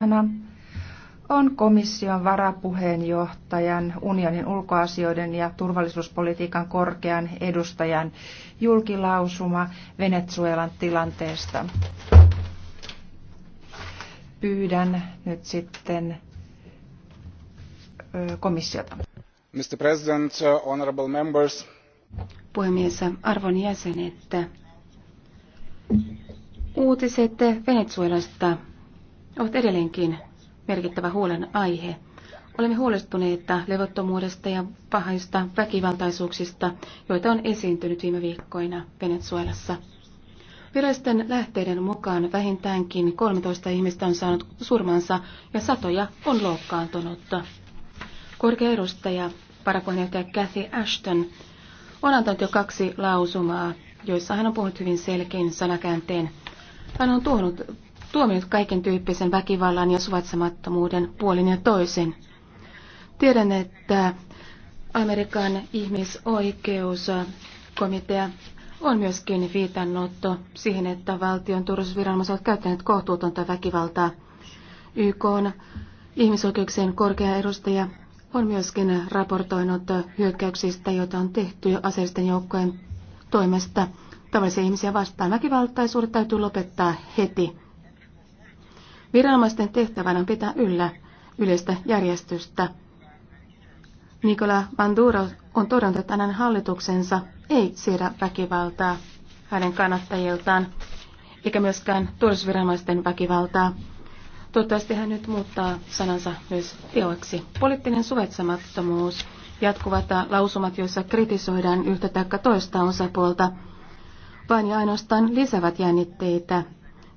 aiheena on komission varapuheenjohtajan unionin ulkoasioiden ja turvallisuuspolitiikan korkean edustajan julkilausuma Venezuelan tilanteesta. Pyydän nyt sitten komissiota. Mr. President, honorable members. Puhemies, arvon jäsenet. Uutiset Venezuelasta ovat edelleenkin merkittävä huolen aihe. Olemme huolestuneita levottomuudesta ja pahaista väkivaltaisuuksista, joita on esiintynyt viime viikkoina Venezuelassa. Virallisten lähteiden mukaan vähintäänkin 13 ihmistä on saanut surmansa ja satoja on loukkaantunut. Korkea edustaja, varapuheenjohtaja Kathy Ashton, on antanut jo kaksi lausumaa, joissa hän on puhunut hyvin selkein sanakäänteen. Hän on tuonut tuominut kaiken tyyppisen väkivallan ja suvaitsemattomuuden puolin ja toisin. Tiedän, että Amerikan ihmisoikeuskomitea on myöskin viitannut siihen, että valtion turvallisuusviranomaiset ovat käyttäneet kohtuutonta väkivaltaa. YK on ihmisoikeuksien korkea edustaja on myöskin raportoinut hyökkäyksistä, joita on tehty aseisten joukkojen toimesta tavallisia ihmisiä vastaan. Väkivaltaisuudet täytyy lopettaa heti. Viranomaisten tehtävänä on pitää yllä yleistä järjestystä. Nikola Banduro on todennut, että hänen hallituksensa ei siedä väkivaltaa hänen kannattajiltaan, eikä myöskään turvallisuusviranomaisten väkivaltaa. Toivottavasti hän nyt muuttaa sanansa myös teoiksi. Poliittinen suvetsemattomuus, jatkuvat lausumat, joissa kritisoidaan yhtä taikka toista osapuolta, vain ja ainoastaan lisäävät jännitteitä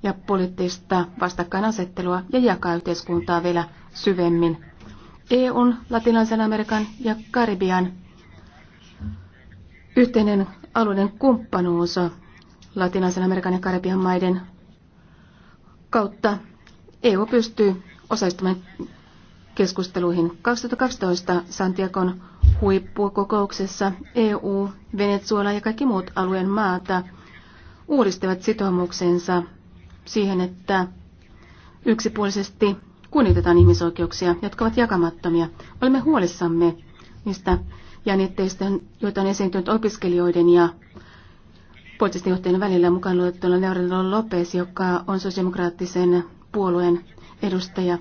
ja poliittista vastakkainasettelua ja jakaa yhteiskuntaa vielä syvemmin. EUn, Latinalaisen Amerikan ja Karibian yhteinen alueen kumppanuus Latinalaisen Amerikan ja Karibian maiden kautta EU pystyy osallistumaan keskusteluihin. 2012 Santiagon huippukokouksessa EU, Venezuela ja kaikki muut alueen maata uudistivat sitoumuksensa siihen, että yksipuolisesti kunnioitetaan ihmisoikeuksia, jotka ovat jakamattomia. Olemme huolissamme niistä jännitteistä, joita on esiintynyt opiskelijoiden ja poliittisten johtajien välillä mukaan luettuna Leonardo Lopez, joka on sosiaalidemokraattisen puolueen edustaja.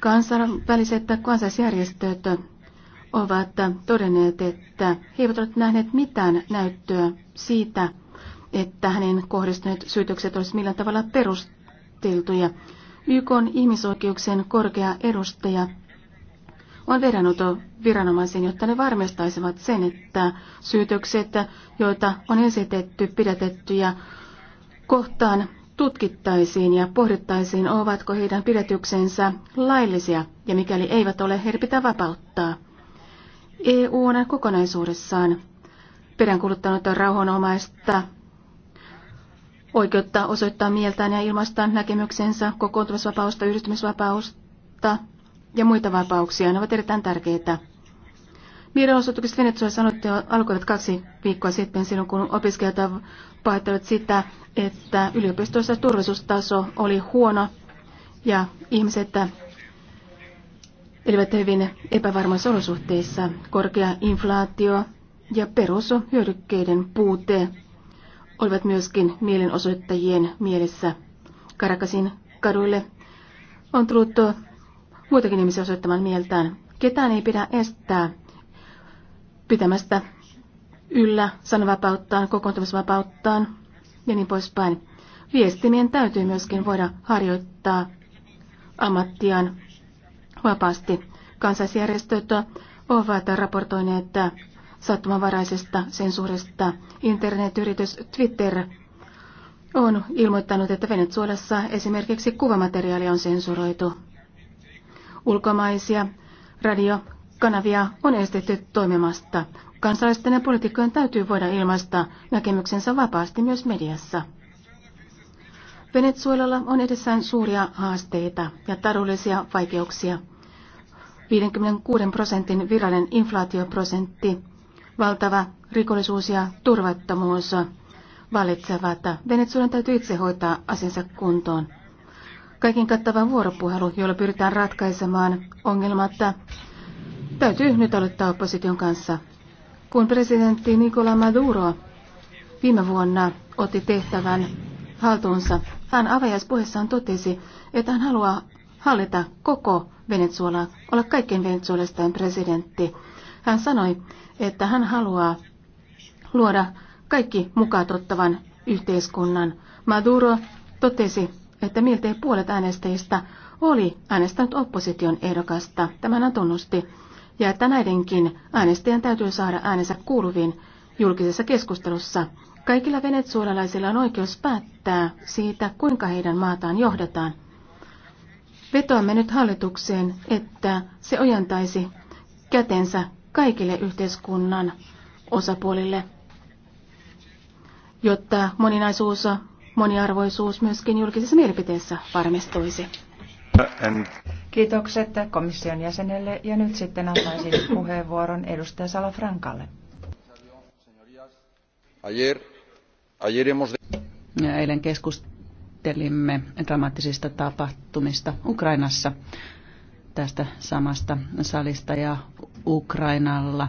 Kansainväliset kansallisjärjestöt ovat todenneet, että he eivät ole nähneet mitään näyttöä siitä, että hänen kohdistuneet syytökset olisivat millään tavalla perusteltuja. YK on ihmisoikeuksien korkea edustaja on vedannut viranomaisiin, jotta ne varmistaisivat sen, että syytökset, joita on esitetty, pidätetty ja kohtaan tutkittaisiin ja pohdittaisiin, ovatko heidän pidätyksensä laillisia ja mikäli eivät ole, heidän pitää vapauttaa. EU on kokonaisuudessaan peräänkuluttanut rauhanomaista oikeutta osoittaa mieltään ja ilmaistaan näkemyksensä, kokoontumisvapausta, yhdistymisvapausta ja muita vapauksia. Ne ovat erittäin tärkeitä. Mielenosoitukset Venezuelassa alkoivat kaksi viikkoa sitten silloin, kun opiskelijat pahoittelivat sitä, että yliopistossa turvallisuustaso oli huono ja ihmiset elivät hyvin epävarmoissa olosuhteissa. Korkea inflaatio ja perushyödykkeiden puute olivat myöskin mielenosoittajien mielessä. Karakasin kaduille on tullut muitakin ihmisiä osoittamaan mieltään. Ketään ei pidä estää pitämästä yllä sananvapauttaan, kokoontumisvapauttaan ja niin poispäin. Viestimien täytyy myöskin voida harjoittaa ammattiaan vapaasti. Kansaisjärjestöt ovat raportoineet, että sattumanvaraisesta sensuurista. Internetyritys Twitter on ilmoittanut, että Venezuelassa esimerkiksi kuvamateriaalia on sensuroitu. Ulkomaisia radiokanavia on estetty toimimasta. Kansalaisten ja poliitikkojen täytyy voida ilmaista näkemyksensä vapaasti myös mediassa. Venezuelalla on edessään suuria haasteita ja tarullisia vaikeuksia. 56 prosentin virallinen inflaatioprosentti Valtava rikollisuus ja turvattomuus valitsevat. Venezuelan täytyy itse hoitaa asiansa kuntoon. Kaikin kattava vuoropuhelu, jolla pyritään ratkaisemaan ongelmatta, täytyy nyt aloittaa opposition kanssa. Kun presidentti Nicola Maduro viime vuonna otti tehtävän haltuunsa, hän avajaispuheessaan totesi, että hän haluaa hallita koko Venezuelaa, olla kaikkien venezuelisten presidentti. Hän sanoi, että hän haluaa luoda kaikki mukaan tottavan yhteiskunnan. Maduro totesi, että miltei puolet äänestäjistä oli äänestänyt opposition ehdokasta. Tämän hän tunnusti. Ja että näidenkin äänestäjän täytyy saada äänensä kuuluviin julkisessa keskustelussa. Kaikilla venezuelalaisilla on oikeus päättää siitä, kuinka heidän maataan johdetaan. Vetoamme nyt hallitukseen, että se ojentaisi kätensä kaikille yhteiskunnan osapuolille, jotta moninaisuus, moniarvoisuus myöskin julkisessa mielipiteessä varmistuisi. Kiitokset komission jäsenelle ja nyt sitten antaisin puheenvuoron edustaja Salafrankalle. Eilen keskustelimme dramaattisista tapahtumista Ukrainassa tästä samasta salista ja Ukrainalla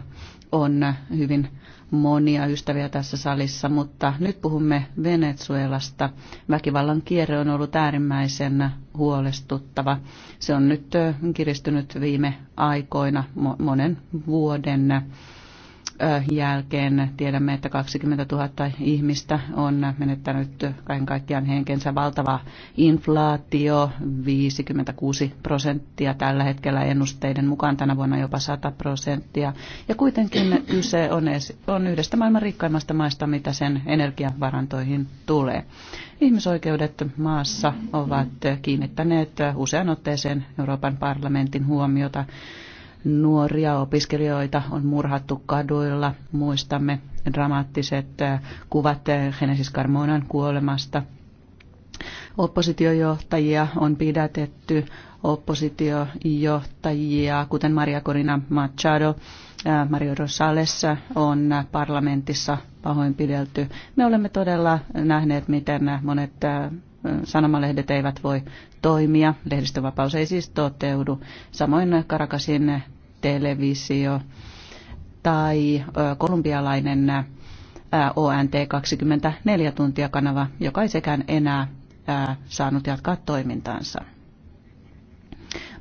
on hyvin monia ystäviä tässä salissa, mutta nyt puhumme Venezuelasta. Väkivallan kierre on ollut äärimmäisen huolestuttava. Se on nyt kiristynyt viime aikoina monen vuoden jälkeen tiedämme, että 20 000 ihmistä on menettänyt kaiken kaikkiaan henkensä valtava inflaatio, 56 prosenttia tällä hetkellä ennusteiden mukaan tänä vuonna jopa 100 prosenttia. Ja kuitenkin kyse on, on yhdestä maailman rikkaimmasta maista, mitä sen energiavarantoihin tulee. Ihmisoikeudet maassa ovat kiinnittäneet usean otteeseen Euroopan parlamentin huomiota nuoria opiskelijoita on murhattu kaduilla. Muistamme dramaattiset kuvat Genesis Carmonan kuolemasta. Oppositiojohtajia on pidätetty, oppositiojohtajia, kuten Maria Corina Machado, Mario Rosales on parlamentissa pahoinpidelty. Me olemme todella nähneet, miten monet sanomalehdet eivät voi toimia. Lehdistövapaus ei siis toteudu. Samoin Karakasin televisio tai kolumbialainen ONT 24 tuntia kanava, joka ei sekään enää saanut jatkaa toimintaansa.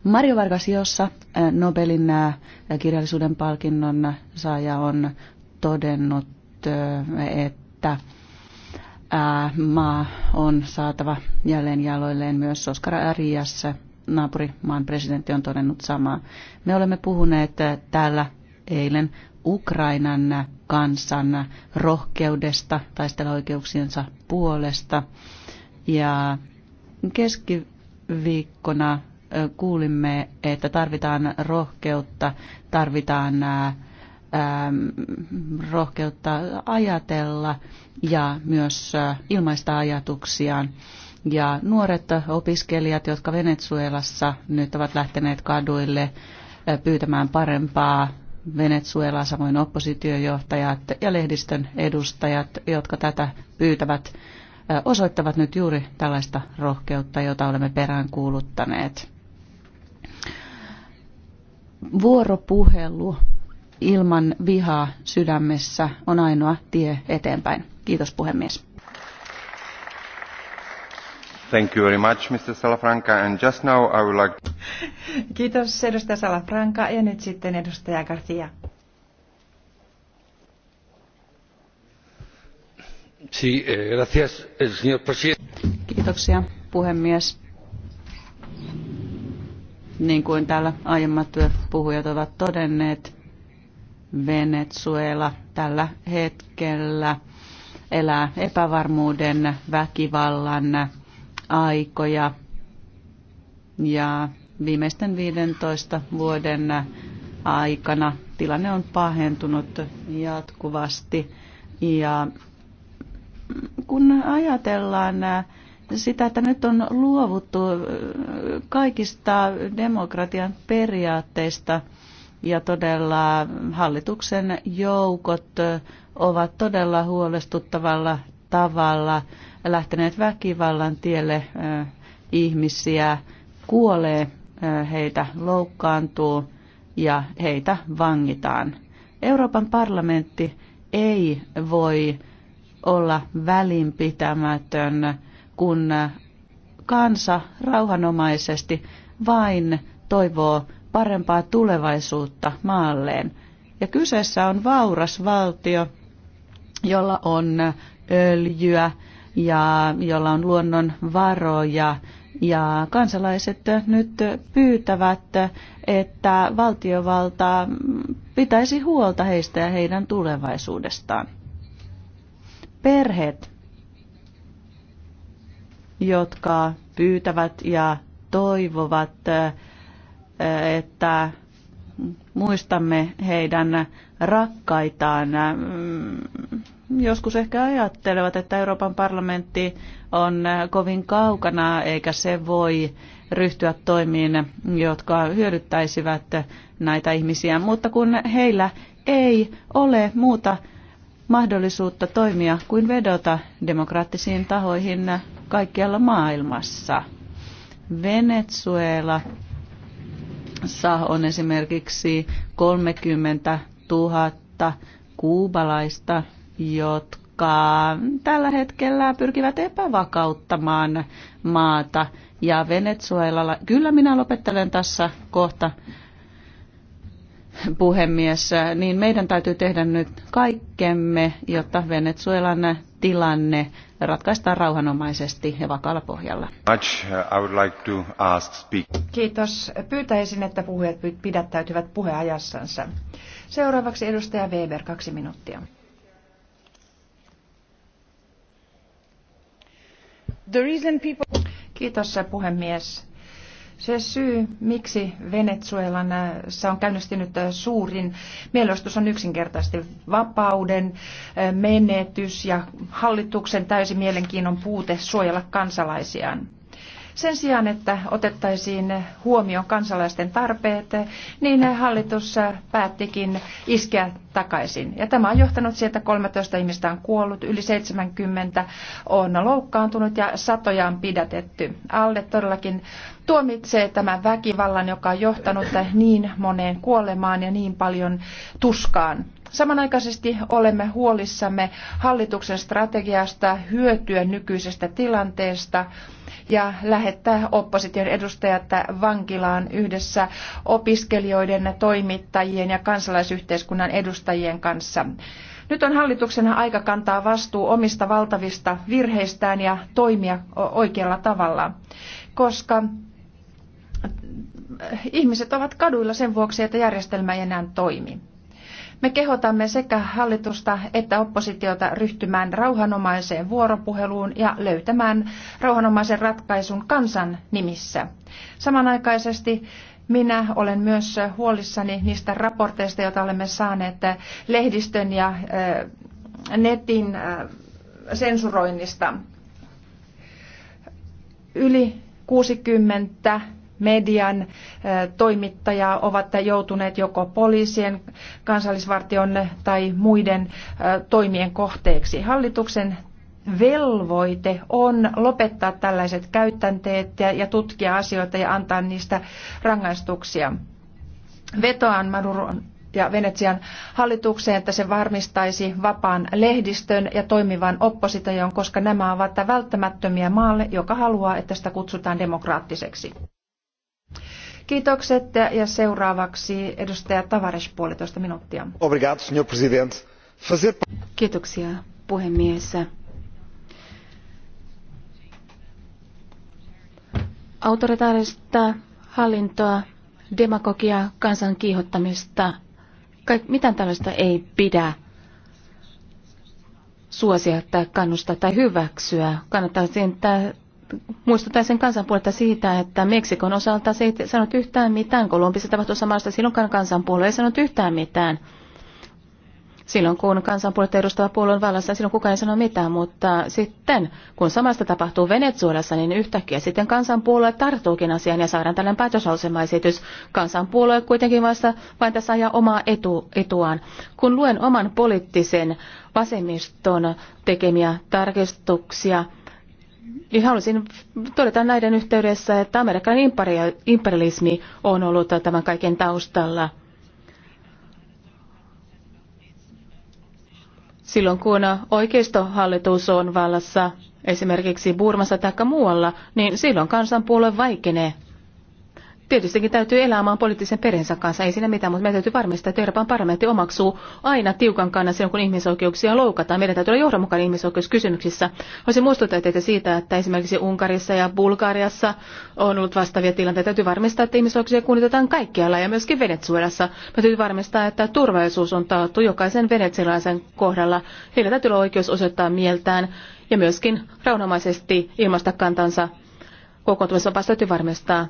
Mario Vargas Jossa, Nobelin kirjallisuuden palkinnon saaja, on todennut, että maa on saatava jälleen jaloilleen myös Oscar Arias naapurimaan presidentti on todennut samaa. Me olemme puhuneet eh, täällä eilen Ukrainan kansan rohkeudesta taistella oikeuksiensa puolesta. Ja keskiviikkona eh, kuulimme, että tarvitaan rohkeutta, tarvitaan eh, rohkeutta ajatella ja myös ilmaista ajatuksiaan. Ja nuoret opiskelijat, jotka Venezuelassa nyt ovat lähteneet kaduille eh, pyytämään parempaa Venezuela, samoin oppositiojohtajat ja lehdistön edustajat, jotka tätä pyytävät, eh, osoittavat nyt juuri tällaista rohkeutta, jota olemme peräänkuuluttaneet. Vuoropuhelu ilman vihaa sydämessä on ainoa tie eteenpäin. Kiitos puhemies. Thank you very much, Mr. Salafranca. And just now I would like... Kiitos edustaja Salafranca ja nyt sitten edustaja Garcia. Sí, eh, gracias, señor presidente. Kiitoksia, puhemies. Niin kuin täällä aiemmat puhujat ovat todenneet, Venezuela tällä hetkellä elää epävarmuuden, väkivallan, aikoja ja viimeisten 15 vuoden aikana tilanne on pahentunut jatkuvasti ja kun ajatellaan sitä, että nyt on luovuttu kaikista demokratian periaatteista ja todella hallituksen joukot ovat todella huolestuttavalla tavalla lähteneet väkivallan tielle ihmisiä, kuolee, heitä loukkaantuu ja heitä vangitaan. Euroopan parlamentti ei voi olla välinpitämätön, kun kansa rauhanomaisesti vain toivoo parempaa tulevaisuutta maalleen. Ja kyseessä on vauras valtio, jolla on öljyä, ja jolla on luonnon varoja. Ja kansalaiset nyt pyytävät, että valtiovalta pitäisi huolta heistä ja heidän tulevaisuudestaan. Perheet, jotka pyytävät ja toivovat, että muistamme heidän rakkaitaan joskus ehkä ajattelevat, että Euroopan parlamentti on kovin kaukana eikä se voi ryhtyä toimiin, jotka hyödyttäisivät näitä ihmisiä. Mutta kun heillä ei ole muuta mahdollisuutta toimia kuin vedota demokraattisiin tahoihin kaikkialla maailmassa. Venezuela on esimerkiksi 30 000 kuubalaista jotka tällä hetkellä pyrkivät epävakauttamaan maata. Ja Venezuelalla, kyllä minä lopettelen tässä kohta puhemies, niin meidän täytyy tehdä nyt kaikkemme, jotta Venezuelan tilanne ratkaistaan rauhanomaisesti ja vakaalla pohjalla. Uh, Kiitos. Pyytäisin, että puhujat pidättäytyvät puheajassansa. Seuraavaksi edustaja Weber, kaksi minuuttia. Kiitos puhemies. Se syy, miksi Venezuelan äh, on käynnistynyt äh, suurin mielestys on yksinkertaisesti vapauden äh, menetys ja hallituksen täysi mielenkiinnon puute suojella kansalaisiaan. Sen sijaan, että otettaisiin huomioon kansalaisten tarpeet, niin hallitus päättikin iskeä takaisin. Ja tämä on johtanut siihen, että 13 ihmistä on kuollut, yli 70 on loukkaantunut ja satoja on pidätetty. Alle todellakin tuomitsee tämän väkivallan, joka on johtanut niin moneen kuolemaan ja niin paljon tuskaan. Samanaikaisesti olemme huolissamme hallituksen strategiasta hyötyä nykyisestä tilanteesta ja lähettää opposition edustajat vankilaan yhdessä opiskelijoiden, toimittajien ja kansalaisyhteiskunnan edustajien kanssa. Nyt on hallituksen aika kantaa vastuu omista valtavista virheistään ja toimia oikealla tavalla, koska ihmiset ovat kaduilla sen vuoksi, että järjestelmä ei enää toimi. Me kehotamme sekä hallitusta että oppositiota ryhtymään rauhanomaiseen vuoropuheluun ja löytämään rauhanomaisen ratkaisun kansan nimissä. Samanaikaisesti minä olen myös huolissani niistä raporteista, joita olemme saaneet lehdistön ja eh, netin eh, sensuroinnista. Yli 60 median toimittaja ovat joutuneet joko poliisien, kansallisvartion tai muiden toimien kohteeksi. Hallituksen velvoite on lopettaa tällaiset käytänteet ja tutkia asioita ja antaa niistä rangaistuksia. Vetoan Maduron ja Venetsian hallitukseen, että se varmistaisi vapaan lehdistön ja toimivan opposition, koska nämä ovat välttämättömiä maalle, joka haluaa, että sitä kutsutaan demokraattiseksi. Kiitokset ja seuraavaksi edustaja Tavares puolitoista minuuttia. Obrigado, senhor presidente. Fazer... Kiitoksia, puhemies. Autoritaarista hallintoa, demagogiaa, kansan kiihottamista, kaik, mitään tällaista ei pidä suosia tai kannustaa tai hyväksyä. Kannattaa sen muistuttaisin kansanpuolta siitä, että Meksikon osalta se ei sanonut yhtään mitään. Kolumbissa tapahtui samasta silloin kansanpuolue ei sanonut yhtään mitään. Silloin kun kansanpuoletta edustava puolue on vallassa, silloin kukaan ei sano mitään, mutta sitten kun samasta tapahtuu Venezuelassa, niin yhtäkkiä sitten kansanpuolue tarttuukin asiaan ja saadaan tällainen päätöslausemaesitys. Kansanpuolue kuitenkin vasta vain tässä ajaa omaa etu, etuaan. Kun luen oman poliittisen vasemmiston tekemiä tarkistuksia, haluaisin todeta näiden yhteydessä, että Amerikan imperialismi on ollut tämän kaiken taustalla. Silloin kun oikeistohallitus on vallassa esimerkiksi Burmassa tai muualla, niin silloin kansanpuolue vaikenee. Tietystikin täytyy elämään poliittisen perheensä kanssa, ei siinä mitään, mutta meidän täytyy varmistaa, että Euroopan parlamentti omaksuu aina tiukan kannan silloin, kun ihmisoikeuksia loukataan. Meidän täytyy olla johdonmukainen ihmisoikeuskysymyksissä. Voisin muistuttaa teitä siitä, että esimerkiksi Unkarissa ja Bulgariassa on ollut vastaavia tilanteita. Täytyy varmistaa, että ihmisoikeuksia kunnioitetaan kaikkialla ja myöskin Venezuelassa. Me täytyy varmistaa, että turvallisuus on taattu jokaisen venezuelaisen kohdalla. Heillä täytyy olla oikeus osoittaa mieltään ja myöskin rauhanomaisesti ilmaista kantansa kokoontumisvapaus täytyy varmistaa.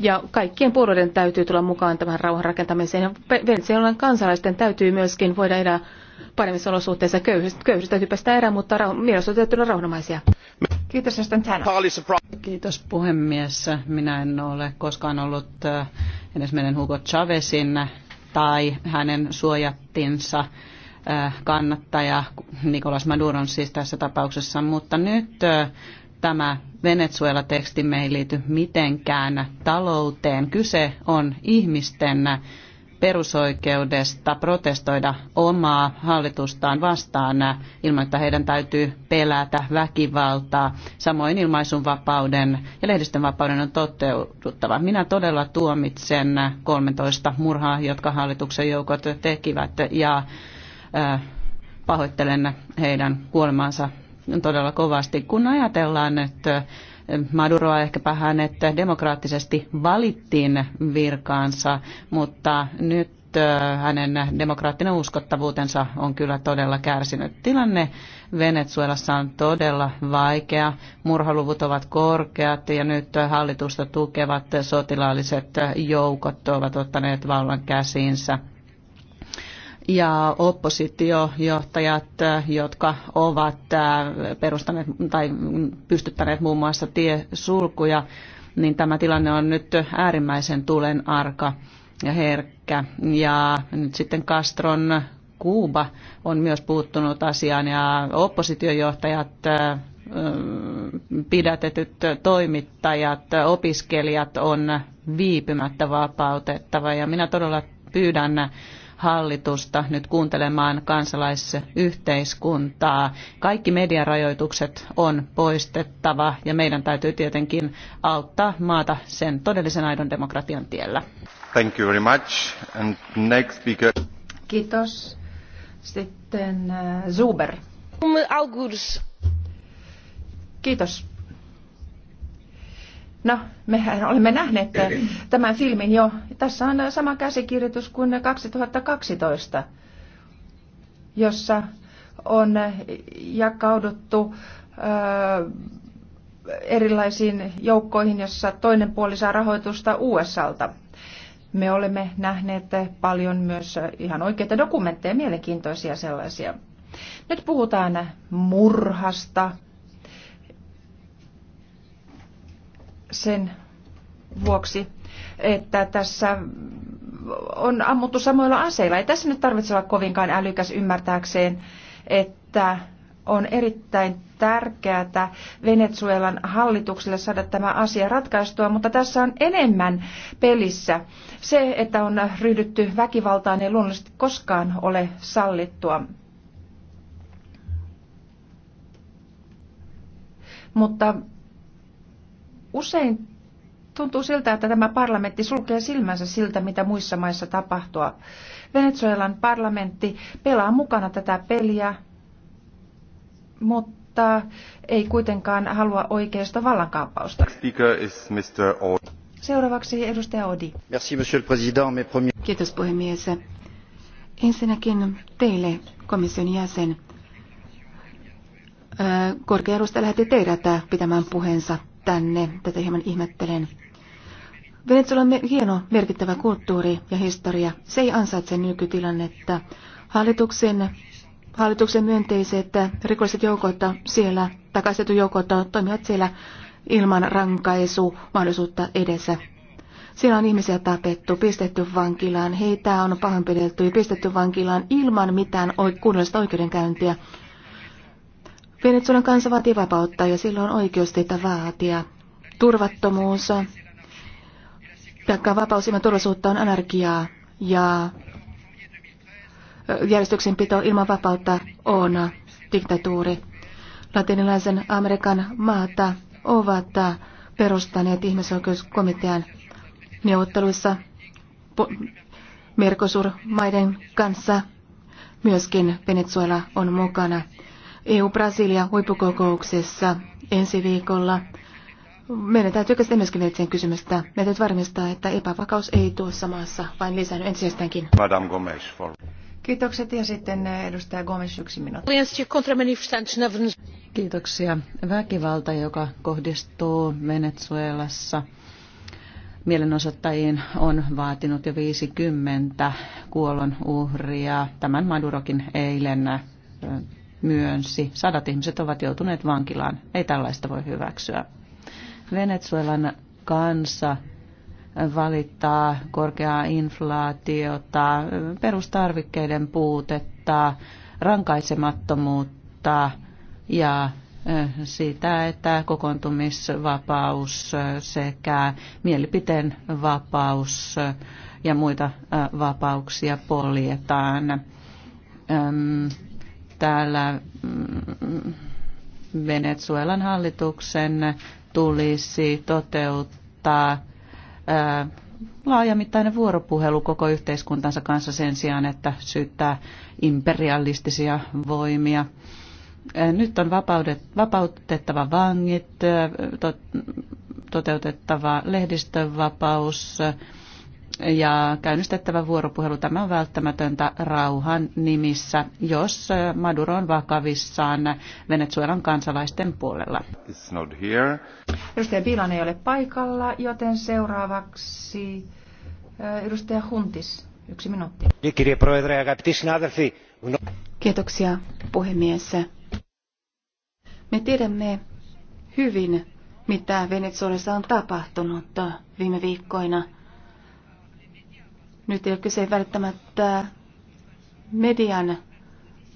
Ja kaikkien puolueiden täytyy tulla mukaan tämän rauhan rakentamiseen. Ja Venezuelan kansalaisten täytyy myöskin voida elää paremmissa olosuhteissa. Köyhyydestä, köyhyydestä täytyy päästä erään, mutta rauh- täytyy olla rauhanomaisia. Kiitos, Kiitos puhemies. Minä en ole koskaan ollut äh, edes meidän Hugo Chavezin tai hänen suojattinsa äh, kannattaja Nicolas Maduron siis tässä tapauksessa, mutta nyt äh, tämä venezuela me ei liity mitenkään talouteen. Kyse on ihmisten perusoikeudesta protestoida omaa hallitustaan vastaan ilman, että heidän täytyy pelätä väkivaltaa. Samoin ilmaisunvapauden ja lehdistön vapauden on toteuduttava. Minä todella tuomitsen 13 murhaa, jotka hallituksen joukot tekivät ja äh, pahoittelen heidän kuolemansa todella kovasti. Kun ajatellaan, että Maduroa ehkäpä hänet demokraattisesti valittiin virkaansa, mutta nyt hänen demokraattinen uskottavuutensa on kyllä todella kärsinyt. Tilanne Venezuelassa on todella vaikea, murhaluvut ovat korkeat ja nyt hallitusta tukevat sotilaalliset joukot ovat ottaneet vallan käsiinsä ja oppositiojohtajat, äh, jotka ovat äh, perustaneet tai pystyttäneet muun muassa tiesulkuja, niin tämä tilanne on nyt äärimmäisen tulen arka ja herkkä. Ja nyt sitten Castron Kuuba on myös puuttunut asiaan ja oppositiojohtajat äh, pidätetyt toimittajat, opiskelijat on viipymättä vapautettava ja minä todella pyydän hallitusta nyt kuuntelemaan kansalaisyhteiskuntaa. Kaikki mediarajoitukset on poistettava ja meidän täytyy tietenkin auttaa maata sen todellisen aidon demokratian tiellä. Thank you very much. And next speaker. Kiitos. Sitten äh, Zuber. Kiitos. No, mehän olemme nähneet tämän filmin jo. Tässä on sama käsikirjoitus kuin 2012, jossa on jakauduttu erilaisiin joukkoihin, jossa toinen puoli saa rahoitusta USAlta. Me olemme nähneet paljon myös ihan oikeita dokumentteja, mielenkiintoisia sellaisia. Nyt puhutaan murhasta, sen vuoksi, että tässä on ammuttu samoilla aseilla. Ei tässä nyt tarvitse olla kovinkaan älykäs ymmärtääkseen, että on erittäin tärkeää Venezuelan hallitukselle saada tämä asia ratkaistua, mutta tässä on enemmän pelissä. Se, että on ryhdytty väkivaltaan, ei luonnollisesti koskaan ole sallittua. Mutta Usein tuntuu siltä, että tämä parlamentti sulkee silmänsä siltä, mitä muissa maissa tapahtuu. Venezuelan parlamentti pelaa mukana tätä peliä, mutta ei kuitenkaan halua oikeasta vallankaappausta. Seuraavaksi edustaja Odi. Merci, monsieur le président. Kiitos puhemies. Ensinnäkin teille, komission jäsen. Korkea lähetti teidät pitämään puheensa tänne. Tätä hieman ihmettelen. Venezuela on hieno, merkittävä kulttuuri ja historia. Se ei ansaitse nykytilannetta. Hallituksen, hallituksen myönteiset rikolliset joukot siellä, takaisetut joukot toimivat siellä ilman mahdollisuutta edessä. Siellä on ihmisiä tapettu, pistetty vankilaan, heitä on pahoinpidelty ja pistetty vankilaan ilman mitään kunnollista oikeudenkäyntiä. Venezuelan kansa vaatii vapautta ja sillä on oikeus teitä vaatia. Turvattomuus, taikka vapaus ilman turvallisuutta on anarkiaa ja järjestyksenpito ilman vapautta on diktatuuri. Latinalaisen Amerikan maata ovat perustaneet ihmisoikeuskomitean neuvotteluissa Mercosur-maiden kanssa. Myöskin Venezuela on mukana. EU-Brasilia huippukokouksessa ensi viikolla. Meidän täytyy oikeastaan myöskin sen kysymystä. Meidän täytyy varmistaa, että epävakaus ei tuossa maassa vain lisännyt ensisijastaankin. Madame Gomes, for... Kiitokset ja sitten eh, edustaja Gomes yksi minuutti. Kiitoksia. Väkivalta, joka kohdistuu Venezuelassa mielenosoittajiin on vaatinut jo 50 kuolon uhria. Tämän Madurokin eilen eh, myönsi. Sadat ihmiset ovat joutuneet vankilaan. Ei tällaista voi hyväksyä. Venezuelan kansa valittaa korkeaa inflaatiota, perustarvikkeiden puutetta, rankaisemattomuutta ja sitä, että kokoontumisvapaus sekä mielipiteen vapaus ja muita vapauksia poljetaan täällä mm, Venezuelan hallituksen tulisi toteuttaa laajamittainen vuoropuhelu koko yhteiskuntansa kanssa sen sijaan, että syyttää imperialistisia voimia. Nyt on vapautettava vangit, toteutettava lehdistönvapaus, vapaus ja käynnistettävä vuoropuhelu. Tämä on välttämätöntä rauhan nimissä, jos äh, Maduro on vakavissaan Venezuelan kansalaisten puolella. Edustaja Biilan ei ole paikalla, joten seuraavaksi äh, edustaja Huntis, yksi minuutti. Kiitoksia, puhemies. Me tiedämme hyvin, mitä Venezuelassa on tapahtunut viime viikkoina – nyt ei ole kyse välttämättä median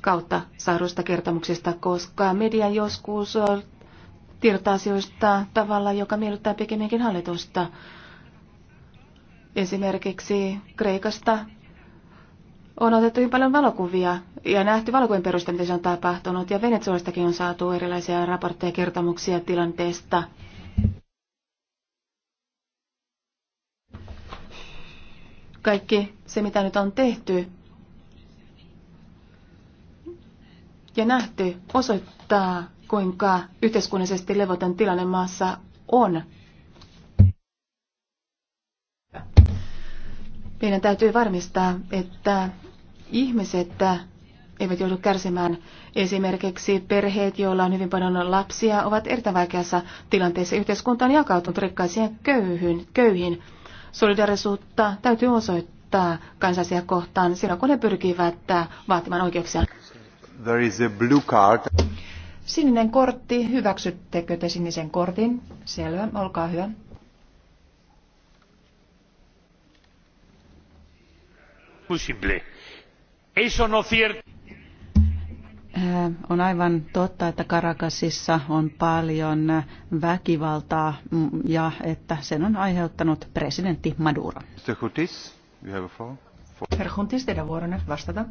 kautta saaduista kertomuksista, koska media joskus tiedottaa asioista tavalla, joka miellyttää pikemminkin hallitusta. Esimerkiksi Kreikasta on otettu hyvin paljon valokuvia ja nähty valokuvien perusteella, mitä se on tapahtunut. Ja Venezuelastakin on saatu erilaisia raportteja ja kertomuksia tilanteesta. kaikki se, mitä nyt on tehty ja nähty, osoittaa, kuinka yhteiskunnallisesti levoton tilanne maassa on. Meidän täytyy varmistaa, että ihmiset eivät joudu kärsimään. Esimerkiksi perheet, joilla on hyvin paljon lapsia, ovat erittäin vaikeassa tilanteessa. Yhteiskunta on jakautunut rikkaisiin köyhyyn. köyhiin. Solidarisuutta täytyy osoittaa kansaisia kohtaan silloin, kun ne pyrkivät vaatimaan oikeuksia. There is a blue card. Sininen kortti, hyväksyttekö te sinisen kortin? Selvä, olkaa hyvä. Possible. Eso no cierto. On aivan totta, että Karakasissa on paljon väkivaltaa ja että sen on aiheuttanut presidentti Maduro. Mr. Huntis, teidän vuoronne vastata.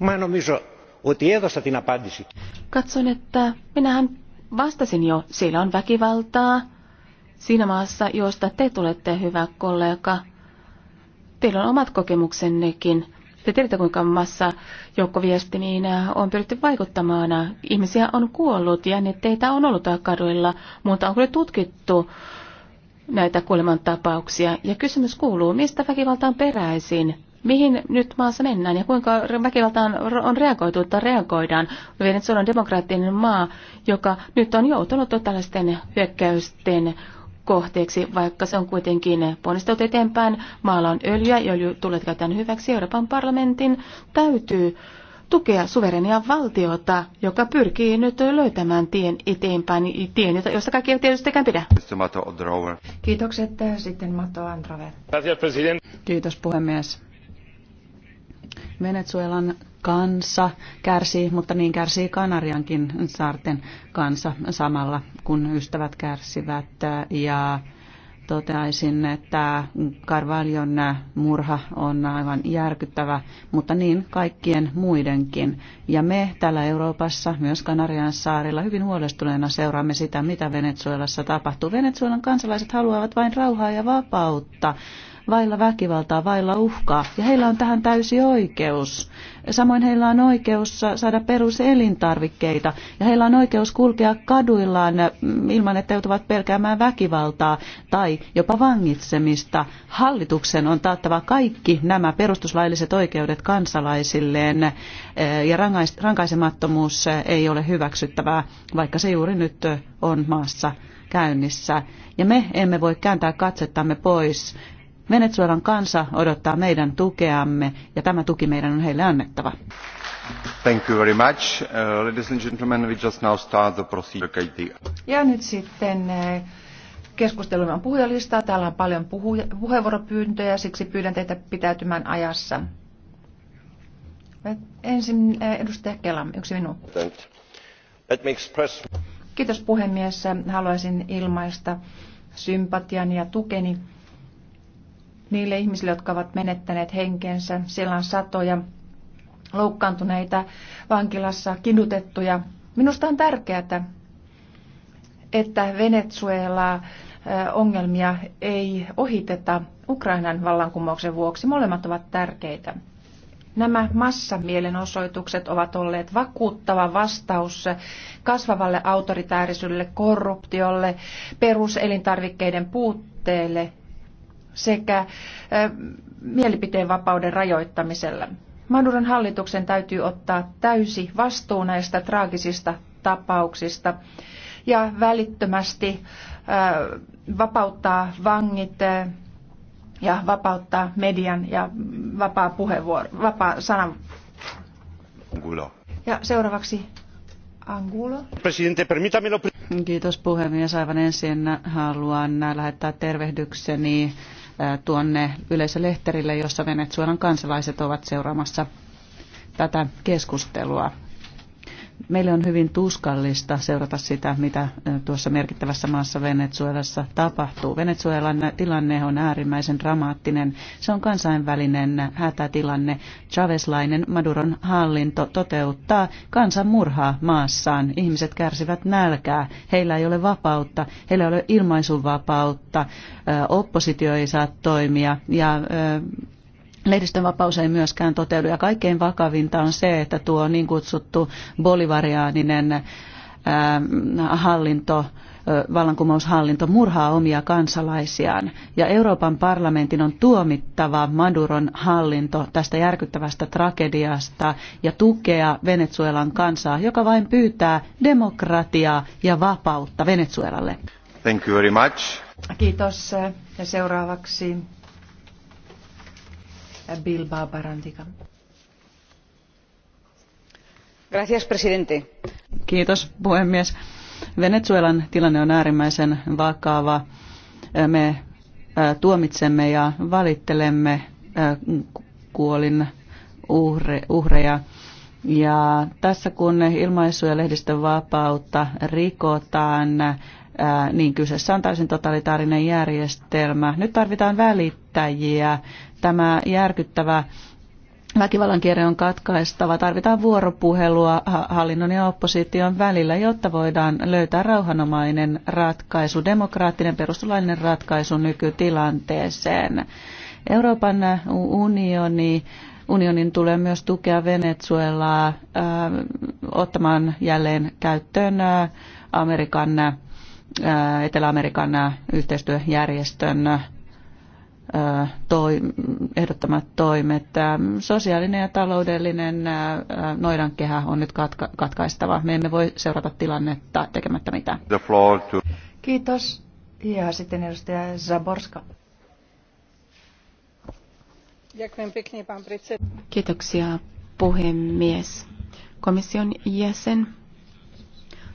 Mä νομίζω ότι έδωσα την απάντηση. Katson, että minähän vastasin jo. Siellä on väkivaltaa siinä maassa, josta te tulette, hyvä kollega. Teillä on omat kokemuksennekin te tiedätte, kuinka massa niin äh, on pyritty vaikuttamaan. Ihmisiä on kuollut ja teitä on ollut kaduilla, mutta onko kyllä tutkittu näitä kuolemantapauksia? Ja kysymys kuuluu, mistä väkivalta on peräisin? Mihin nyt maassa mennään ja kuinka väkivaltaan on reagoitu tai reagoidaan? Venezuela on demokraattinen maa, joka nyt on joutunut tällaisten hyökkäysten kohteeksi, vaikka se on kuitenkin ponnisteltu eteenpäin. Maalla on öljyä, öljy tulee käytetään hyväksi. Euroopan parlamentin täytyy tukea suverenia valtiota, joka pyrkii nyt löytämään tien eteenpäin, tien, josta kaikki eivät tietystikään pidä. Kiitokset. Äh, sitten Mato Andrave. Kiitos puhemies. Venezuelan kansa kärsii, mutta niin kärsii Kanariankin saarten kansa samalla, kun ystävät kärsivät. Ja toteaisin, että Carvalhon murha on aivan järkyttävä, mutta niin kaikkien muidenkin. Ja me täällä Euroopassa, myös Kanarian saarilla, hyvin huolestuneena seuraamme sitä, mitä Venezuelassa tapahtuu. Venezuelan kansalaiset haluavat vain rauhaa ja vapautta vailla väkivaltaa, vailla uhkaa. Ja heillä on tähän täysi oikeus. Samoin heillä on oikeus saada peruselintarvikkeita ja heillä on oikeus kulkea kaduillaan mm, ilman, että joutuvat pelkäämään väkivaltaa tai jopa vangitsemista. Hallituksen on taattava kaikki nämä perustuslailliset oikeudet kansalaisilleen ja rankaisemattomuus ei ole hyväksyttävää, vaikka se juuri nyt on maassa käynnissä. Ja me emme voi kääntää katsettamme pois Venezuelan kansa odottaa meidän tukeamme ja tämä tuki meidän on heille annettava. Thank you very much. Uh, ladies and gentlemen, we just now start the procedure. Ja nyt sitten uh, keskustelumme on puhujalistaa. Täällä on paljon puhuja, puheenvuoropyyntöjä, siksi pyydän teitä pitäytymään ajassa. Ensin uh, edustaja Kelam, yksi minuutti. Kiitos puhemies. Haluaisin ilmaista sympatian ja tukeni niille ihmisille, jotka ovat menettäneet henkensä. Siellä on satoja loukkaantuneita vankilassa, kidutettuja. Minusta on tärkeää, että Venezuela ongelmia ei ohiteta Ukrainan vallankumouksen vuoksi. Molemmat ovat tärkeitä. Nämä massamielenosoitukset ovat olleet vakuuttava vastaus kasvavalle autoritäärisyydelle, korruptiolle, peruselintarvikkeiden puutteelle sekä mielipiteenvapauden rajoittamisella. Maduron hallituksen täytyy ottaa täysi vastuu näistä traagisista tapauksista ja välittömästi vapauttaa vangit ja vapauttaa median ja vapaa, puheenvuoro, vapaa sanan. Angulo. Ja seuraavaksi Angulo. Presidente, Kiitos puhemies. Aivan ensin haluan lähettää tervehdykseni tuonne yleisölehterille, jossa Venezuelan kansalaiset ovat seuraamassa tätä keskustelua. Meille on hyvin tuskallista seurata sitä, mitä tuossa merkittävässä maassa Venezuelassa tapahtuu. Venezuelan tilanne on äärimmäisen dramaattinen. Se on kansainvälinen hätätilanne. Chavezlainen Maduron hallinto toteuttaa kansanmurhaa maassaan. Ihmiset kärsivät nälkää. Heillä ei ole vapautta. Heillä ei ole ilmaisuvapautta. Oppositio ei saa toimia. Ja Lehdistönvapaus ei myöskään toteudu ja kaikkein vakavinta on se, että tuo niin kutsuttu bolivariaaninen hallinto, vallankumoushallinto murhaa omia kansalaisiaan. Ja Euroopan parlamentin on tuomittava Maduron hallinto tästä järkyttävästä tragediasta ja tukea Venezuelan kansaa, joka vain pyytää demokratiaa ja vapautta Venezuelalle. Thank you very much. Kiitos. Ja seuraavaksi arvoisa Kiitos, puhemies. Venezuelan tilanne on äärimmäisen vakava. Me tuomitsemme ja valittelemme kuolinuhreja Ja tässä kun ilmaisu- ja lehdistönvapautta vapautta rikotaan, niin kyseessä on täysin totalitaarinen järjestelmä. Nyt tarvitaan välittäjiä yrittäjiä. Tämä järkyttävä Väkivallan kierre on katkaistava. Tarvitaan vuoropuhelua hallinnon ja opposition välillä, jotta voidaan löytää rauhanomainen ratkaisu, demokraattinen perustulainen ratkaisu nykytilanteeseen. Euroopan unioni, unionin tulee myös tukea Venezuelaa äh, ottamaan jälleen käyttöön äh, Amerikan, äh, Etelä-Amerikan yhteistyöjärjestön toi, ehdottamat toimet. Sosiaalinen ja taloudellinen noidankehä on nyt katka- katkaistava. Me emme voi seurata tilannetta tekemättä mitään. The floor to... Kiitos. Ja sitten edustaja Zaborska. Kiitoksia puhemies. Komission jäsen.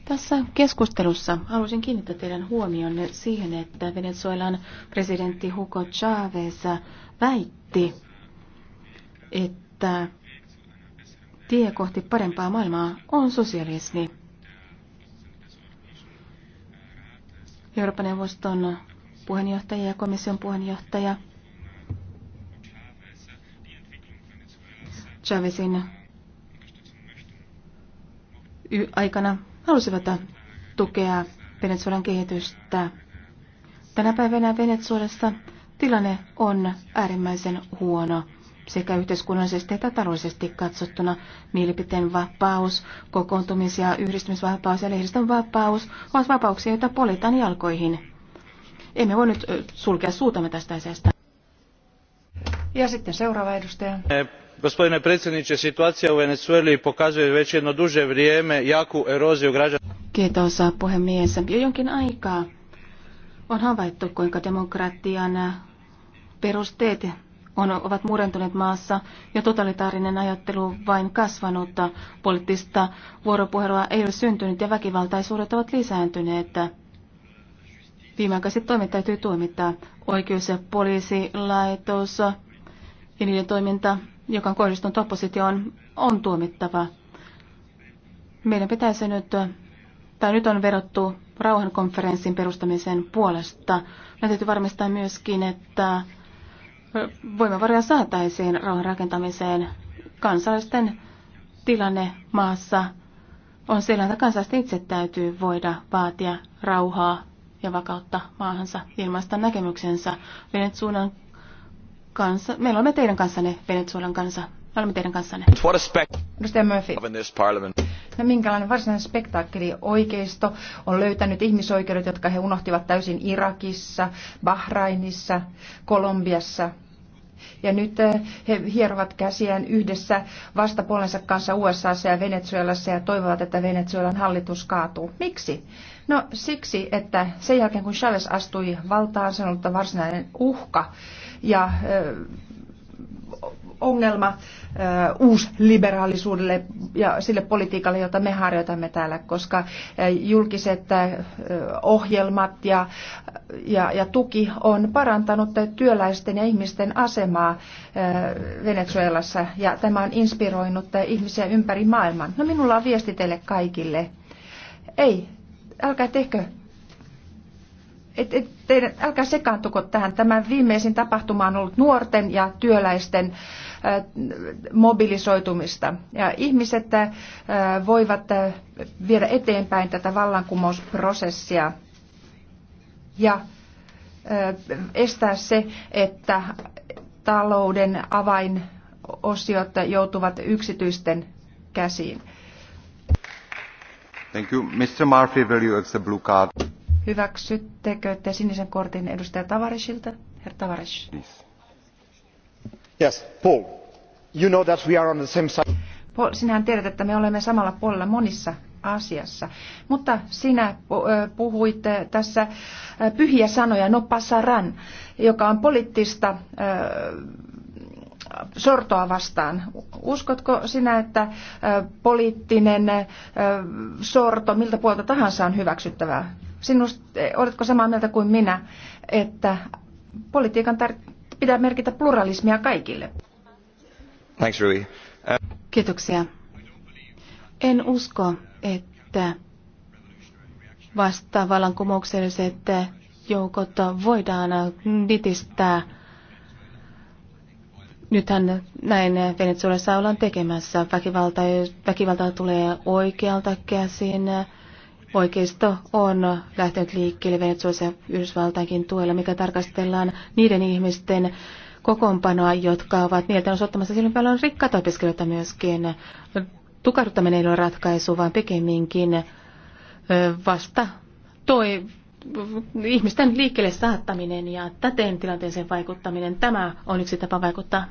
Tässä keskustelussa haluaisin kiinnittää teidän huomionne siihen, että Venezuelan presidentti Hugo Chavez väitti, että tie kohti parempaa maailmaa on sosialismi. Euroopan neuvoston puheenjohtaja ja komission puheenjohtaja Chavezin aikana halusivat tukea Venezuelan kehitystä. Tänä päivänä Venezuelassa tilanne on äärimmäisen huono sekä yhteiskunnallisesti että taloudellisesti katsottuna mielipiteen vapaus, kokoontumis- ja yhdistymisvapaus ja lehdistön vapaus ovat vapauksia, joita politaan jalkoihin. Emme voi nyt sulkea suutamme tästä asiasta. Ja sitten seuraava edustaja. Eh, gospodine predsjednie situacija u venezueli pokazuje ve jedno due vrijeme jaku eroziju on havaittu, kuinka perusteet on, ovat murentuneet maassa ja totalitaarinen ajattelu vain kasvanut. Poliittista vuoropuhelua ei ole syntynyt ja väkivaltaisuudet ovat lisääntyneet. Viimeaikaiset toimet täytyy tuomittaa. Oikeus- ja poliisilaitos ja niiden toiminta joka on kohdistunut oppositioon, on tuomittava. Meidän pitäisi nyt, tai nyt on verottu rauhankonferenssin perustamisen puolesta. Meidän täytyy varmistaa myöskin, että voimavaroja saataisiin rauhan rakentamiseen. Kansalaisten tilanne maassa on sillä, että kansalaisten itse täytyy voida vaatia rauhaa ja vakautta maahansa ilmaista näkemyksensä. Venezuelan kanssa, me olemme teidän kanssanne, Venezuelan kanssa. Me olemme teidän kanssanne. What a Edustaja Murphy. No minkälainen varsinainen spektaakkeli oikeisto on löytänyt ihmisoikeudet, jotka he unohtivat täysin Irakissa, Bahrainissa, Kolumbiassa. Ja nyt eh, he hierovat käsiään yhdessä vastapuolensa kanssa USAssa ja Venezuelassa ja toivovat, että Venezuelan hallitus kaatuu. Miksi? No siksi, että sen jälkeen kun Chavez astui valtaan, se on ollut varsinainen uhka ja ongelma uusliberaalisuudelle ja sille politiikalle, jota me harjoitamme täällä, koska julkiset ohjelmat ja, ja, ja tuki on parantanut työläisten ja ihmisten asemaa Venezuelassa ja tämä on inspiroinut ihmisiä ympäri maailman. No minulla on viesti teille kaikille. Ei, älkää tehkö et, et, teidän, älkää sekaantuko tähän. Tämä viimeisin tapahtuma on ollut nuorten ja työläisten mobilisoitumista. Ja ihmiset voivat äh, viedä eteenpäin tätä vallankumousprosessia ja estää se, että talouden avainosiot joutuvat yksityisten käsiin. Thank you. Mr. Murphy, will you accept blue card? Hyväksyttekö te sinisen kortin edustaja Tavaresilta? Herra Tavares. Yes, Paul. You know that we are on the same side. Paul, sinähän tiedät, että me olemme samalla puolella monissa asiassa. Mutta sinä puhuit tässä pyhiä sanoja, no pasaran, joka on poliittista sortoa vastaan. Uskotko sinä, että poliittinen sorto miltä puolta tahansa on hyväksyttävää? Sinust, eh, oletko samaa mieltä kuin minä, että politiikan pitää merkitä pluralismia kaikille? Thanks, Rui. Uh, Kiitoksia. En usko, että vasta vallankumoukselliset joukot voidaan nitistää. Nythän näin Venezuelassa ollaan tekemässä. Väkivalta, väkivalta tulee oikealta käsin Oikeisto on lähtenyt liikkeelle Venezuelassa ja Yhdysvaltainkin tuella, mikä tarkastellaan niiden ihmisten kokoonpanoa, jotka ovat mieltään osoittamassa silloin paljon rikkaita opiskelijoita myöskin. Tukahduttaminen ei ole ratkaisu, vaan pikemminkin vasta toi ihmisten liikkeelle saattaminen ja täten tilanteeseen vaikuttaminen. Tämä on yksi tapa vaikuttaa.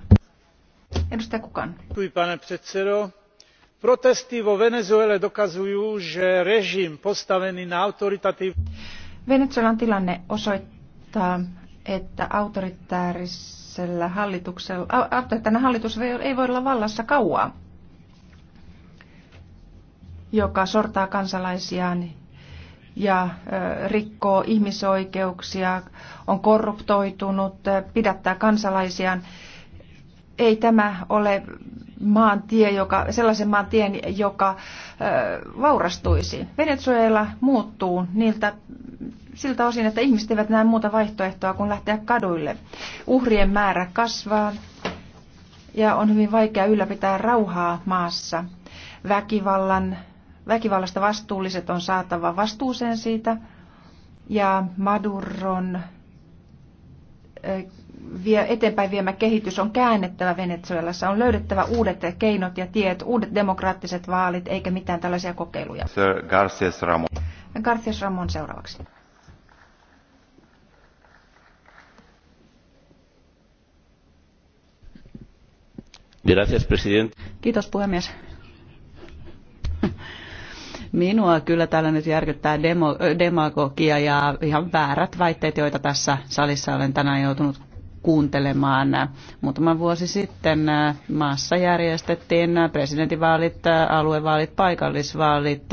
Edustaja Kukan. Pane protesty vo venezuele dokazujú že režim postavený na autoritatívnych Venezuelan tilanne osoittaa, että autoritäärisellä hallituksella, autoritäärinen hallitus ei voi olla vallassa kauaa, joka sortaa kansalaisiaan ja rikkoo ihmisoikeuksia, on korruptoitunut, pidättää kansalaisiaan. Ei tämä ole maantie, joka, sellaisen maantien, joka ö, vaurastuisi. Venezuela muuttuu niiltä, siltä osin, että ihmiset eivät näe muuta vaihtoehtoa kuin lähteä kaduille. Uhrien määrä kasvaa ja on hyvin vaikea ylläpitää rauhaa maassa. Väkivallan, väkivallasta vastuulliset on saatava vastuuseen siitä ja Maduron eteenpäin viemä kehitys on käännettävä Venezuelassa, on löydettävä uudet keinot ja tiet, uudet demokraattiset vaalit, eikä mitään tällaisia kokeiluja. Sir Garcias Ramon. Garcias Ramon seuraavaksi. Gracias, president. Kiitos puhemies. Minua kyllä täällä nyt järkyttää demo, demagogia ja ihan väärät väitteet, joita tässä salissa olen tänään joutunut kuuntelemaan. Muutama vuosi sitten maassa järjestettiin presidentinvaalit, aluevaalit, paikallisvaalit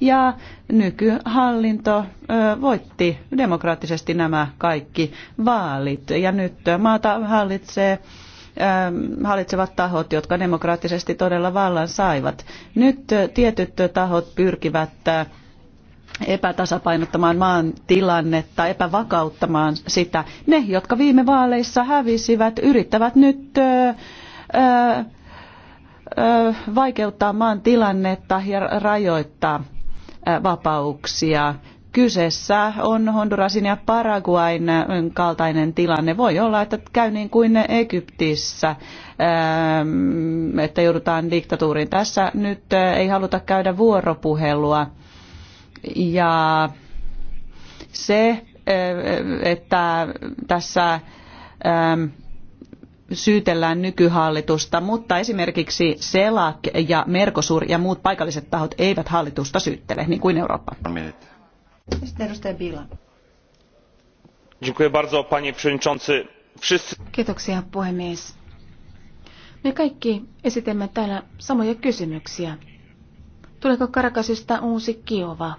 ja nykyhallinto voitti demokraattisesti nämä kaikki vaalit. Ja nyt maata hallitsee Ähm, hallitsevat tahot, jotka demokraattisesti todella vallan saivat. Nyt tietyt tahot pyrkivät epätasapainottamaan maan tilannetta, epävakauttamaan sitä. Ne, jotka viime vaaleissa hävisivät, yrittävät nyt vaikeuttaa maan tilannetta ja rajoittaa vapauksia. Kyseessä on Hondurasin ja Paraguain kaltainen tilanne. Voi olla, että käy niin kuin Egyptissä, ähm, että joudutaan diktatuuriin. Tässä nyt äh, ei haluta käydä vuoropuhelua. Ja se, äh, että tässä ähm, syytellään nykyhallitusta, mutta esimerkiksi SELAC ja Mercosur ja muut paikalliset tahot eivät hallitusta syyttele, niin kuin Eurooppa panie przewodniczący. puhemies. Me kaikki esitämme täällä samoja kysymyksiä. Tuleeko Karakasista uusi Kiova?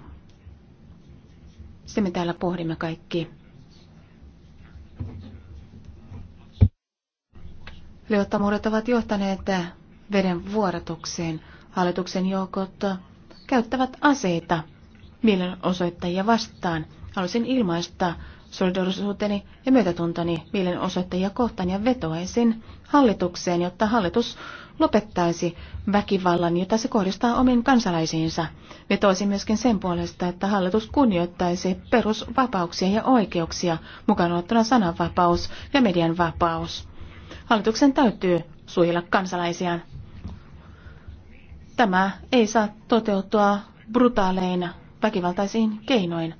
Se me täällä pohdimme kaikki. Liottomuudet ovat johtaneet veden vuoratukseen. Hallituksen joukot käyttävät aseita mielenosoittajia vastaan. Haluaisin ilmaista solidarisuuteni ja myötätuntoni mielenosoittajia kohtaan ja vetoaisin hallitukseen, jotta hallitus lopettaisi väkivallan, jota se kohdistaa omiin kansalaisiinsa. Vetoisin myöskin sen puolesta, että hallitus kunnioittaisi perusvapauksia ja oikeuksia, mukaan ottuna sananvapaus ja median vapaus. Hallituksen täytyy suojella kansalaisiaan. Tämä ei saa toteutua brutaaleina väkivaltaisiin keinoin.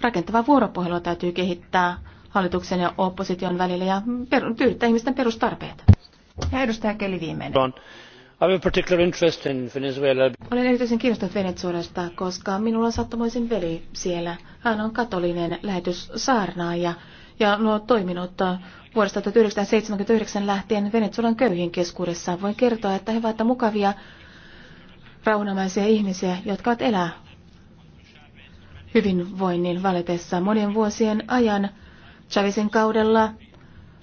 Rakentavaa vuoropuhelua täytyy kehittää hallituksen ja opposition välillä ja per- tyydyttää ihmisten perustarpeet. Ja edustaja Keli viimeinen. Olen erityisen kiinnostunut Venezuelasta, koska minulla on sattumoisin veli siellä. Hän on katolinen lähetyssaarnaaja ja on toiminut vuodesta 1979 lähtien Venezuelan köyhien keskuudessa. Voin kertoa, että he ovat mukavia rauhanomaisia ihmisiä, jotka ovat elää hyvinvoinnin valitessa monien vuosien ajan Chavezin kaudella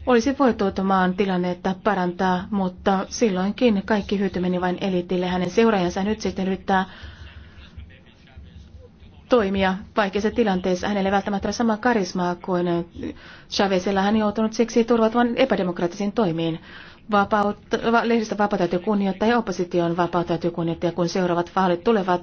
olisi voitu ottamaan tilannetta parantaa, mutta silloinkin kaikki hyöty meni vain elitille. Hänen seuraajansa nyt sitten yrittää toimia vaikeissa tilanteissa. Hänelle välttämättä ole samaa karismaa kuin Chavezilla. Hän on joutunut siksi turvautumaan epädemokraattisiin toimiin lehdistä vapautta täytyy kunnioittaa ja opposition vapautta täytyy kunnioittaa. Ja kun seuraavat vaalit tulevat,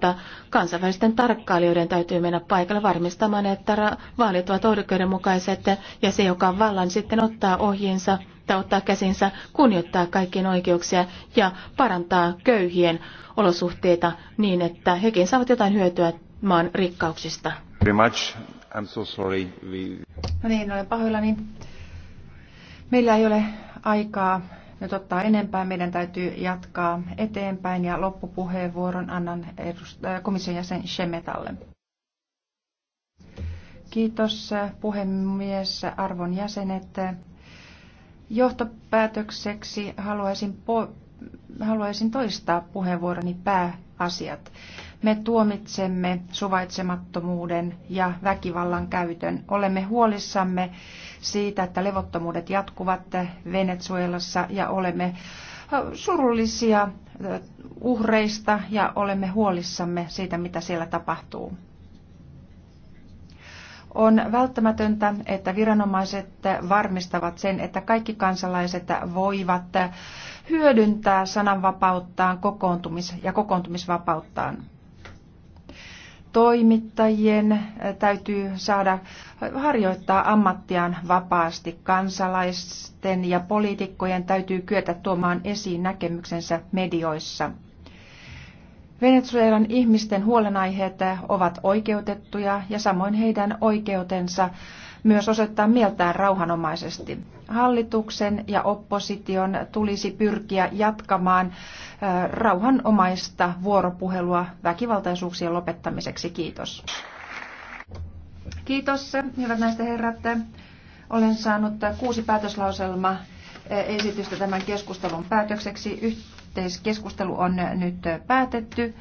kansainvälisten tarkkailijoiden täytyy mennä paikalle varmistamaan, että vaalit ovat oikeudenmukaiset ja se, joka on vallan, sitten ottaa ohjeensa tai ottaa käsinsä, kunnioittaa kaikkien oikeuksia ja parantaa köyhien olosuhteita niin, että hekin saavat jotain hyötyä maan rikkauksista. I'm so sorry. We... No niin, olen pahoillani. Meillä ei ole aikaa nyt ottaa enempää. Meidän täytyy jatkaa eteenpäin ja loppupuheenvuoron annan äh, komission jäsen Shemetalle. Kiitos äh, puhemies, arvon jäsenet. Johtopäätökseksi haluaisin, haluaisin toistaa puheenvuoroni pääasiat. Me tuomitsemme suvaitsemattomuuden ja väkivallan käytön. Olemme huolissamme siitä, että levottomuudet jatkuvat Venezuelassa ja olemme surullisia uhreista ja olemme huolissamme siitä, mitä siellä tapahtuu. On välttämätöntä, että viranomaiset varmistavat sen, että kaikki kansalaiset voivat hyödyntää sananvapauttaan kokoontumis- ja kokoontumisvapauttaan toimittajien täytyy saada harjoittaa ammattiaan vapaasti. Kansalaisten ja poliitikkojen täytyy kyetä tuomaan esiin näkemyksensä medioissa. Venezuelan ihmisten huolenaiheet ovat oikeutettuja ja samoin heidän oikeutensa myös osoittaa mieltään rauhanomaisesti. Hallituksen ja opposition tulisi pyrkiä jatkamaan rauhanomaista vuoropuhelua väkivaltaisuuksien lopettamiseksi. Kiitos. Kiitos, hyvät näistä herrat. Olen saanut kuusi päätöslauselma esitystä tämän keskustelun päätökseksi. Yhteiskeskustelu on nyt päätetty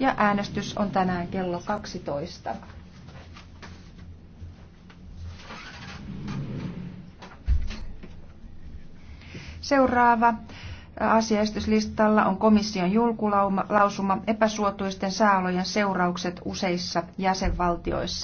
ja äänestys on tänään kello 12. Seuraava asiaistuslistalla on komission julkulausuma epäsuotuisten sääolojen seuraukset useissa jäsenvaltioissa.